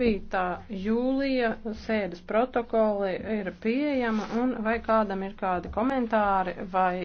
9. jūlija sēdes protokoli ir pieejama un vai kādam ir kādi komentāri vai